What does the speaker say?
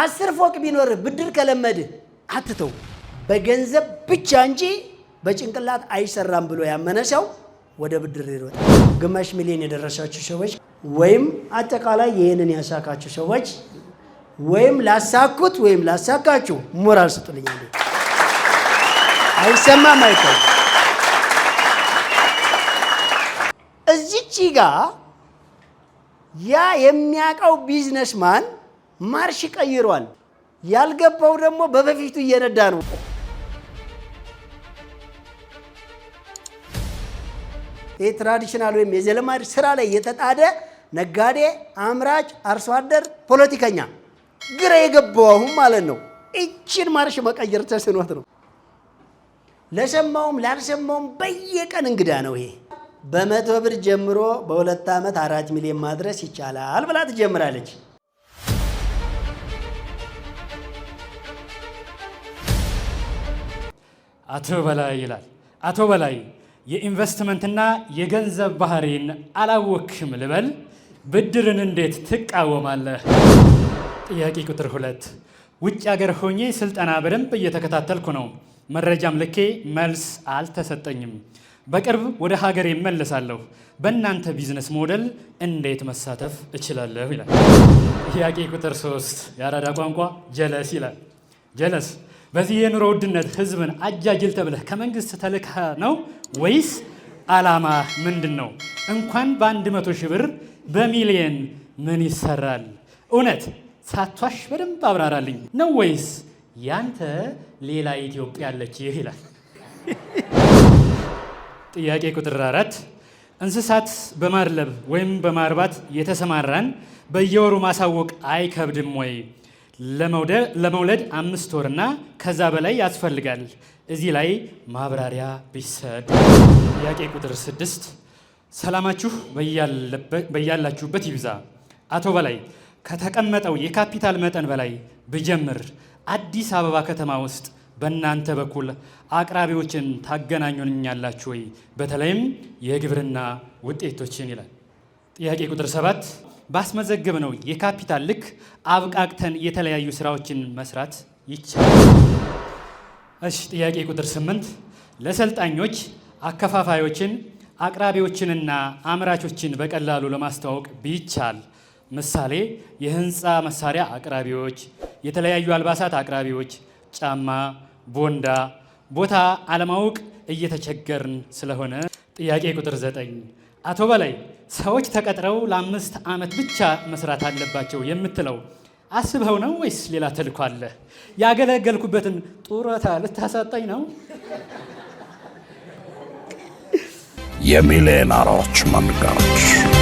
አስር ፎቅ ቢኖርህ ብድር ከለመድህ አትተው። በገንዘብ ብቻ እንጂ በጭንቅላት አይሰራም ብሎ ያመነ ሰው ወደ ብድር ይሮጥ። ግማሽ ሚሊዮን የደረሳችሁ ሰዎች ወይም አጠቃላይ ይህንን ያሳካችሁ ሰዎች ወይም ላሳኩት ወይም ላሳካችሁ ሞራል ስጡልኝ። አይሰማም አይተ እዚቺ ጋ ያ የሚያውቀው ቢዝነስማን ማርሽ ቀይሯል። ያልገባው ደግሞ በበፊቱ እየነዳ ነው። ይህ ትራዲሽናል ወይም የዘለማድ ስራ ላይ የተጣደ ነጋዴ፣ አምራች፣ አርሶ አደር፣ ፖለቲከኛ ግራ የገባው አሁን ማለት ነው። እችን ማርሽ መቀየር ተስኖት ነው። ለሰማውም ላልሰማውም በየቀን እንግዳ ነው ይሄ። በመቶ ብር ጀምሮ በሁለት ዓመት አራት ሚሊዮን ማድረስ ይቻላል ብላ ትጀምራለች። አቶ በላይ ይላል። አቶ በላይ የኢንቨስትመንትና የገንዘብ ባህሪን አላወክም ልበል፣ ብድርን እንዴት ትቃወማለህ? ጥያቄ ቁጥር ሁለት ውጭ ሀገር ሆኜ ስልጠና በደንብ እየተከታተልኩ ነው። መረጃም ልኬ መልስ አልተሰጠኝም። በቅርብ ወደ ሀገር እመለሳለሁ። በእናንተ ቢዝነስ ሞዴል እንዴት መሳተፍ እችላለሁ? ይላል። ጥያቄ ቁጥር ሶስት የአራዳ ቋንቋ ጀለስ ይላል። ጀለስ በዚህ የኑሮ ውድነት ህዝብን አጃጅል ተብለህ ከመንግስት ተልከህ ነው ወይስ አላማ ምንድን ነው? እንኳን በአንድ መቶ ሺህ ብር በሚሊየን ምን ይሰራል? እውነት ሳቷሽ በደንብ አብራራልኝ ነው ወይስ ያንተ ሌላ ኢትዮጵያ አለች ይህ ይላል። ጥያቄ ቁጥር አራት እንስሳት በማድለብ ወይም በማርባት የተሰማራን በየወሩ ማሳወቅ አይከብድም ወይ? ለመውለድ አምስት ወርና ከዛ በላይ ያስፈልጋል። እዚህ ላይ ማብራሪያ ቢሰጥ። ጥያቄ ቁጥር ስድስት ሰላማችሁ በያላችሁበት ይብዛ። አቶ በላይ ከተቀመጠው የካፒታል መጠን በላይ ብጀምር አዲስ አበባ ከተማ ውስጥ በእናንተ በኩል አቅራቢዎችን ታገናኙኛላችሁ ወይ? በተለይም የግብርና ውጤቶችን ይላል። ጥያቄ ቁጥር ሰባት ባስመዘገብ ነው የካፒታል ልክ አብቃቅተን የተለያዩ ስራዎችን መስራት ይቻላል። እሺ ጥያቄ ቁጥር ስምንት ለሰልጣኞች አከፋፋዮችን፣ አቅራቢዎችንና አምራቾችን በቀላሉ ለማስተዋወቅ ቢቻል ምሳሌ የህንፃ መሳሪያ አቅራቢዎች፣ የተለያዩ አልባሳት አቅራቢዎች፣ ጫማ፣ ቦንዳ ቦታ አለማወቅ እየተቸገርን ስለሆነ ጥያቄ ቁጥር ዘጠኝ አቶ በላይ ሰዎች ተቀጥረው ለአምስት ዓመት ብቻ መስራት አለባቸው የምትለው አስበው ነው ወይስ ሌላ ተልኮ አለ? ያገለገልኩበትን ጡረታ ልታሳጣኝ ነው? የሚሊዮነሮች መንገድ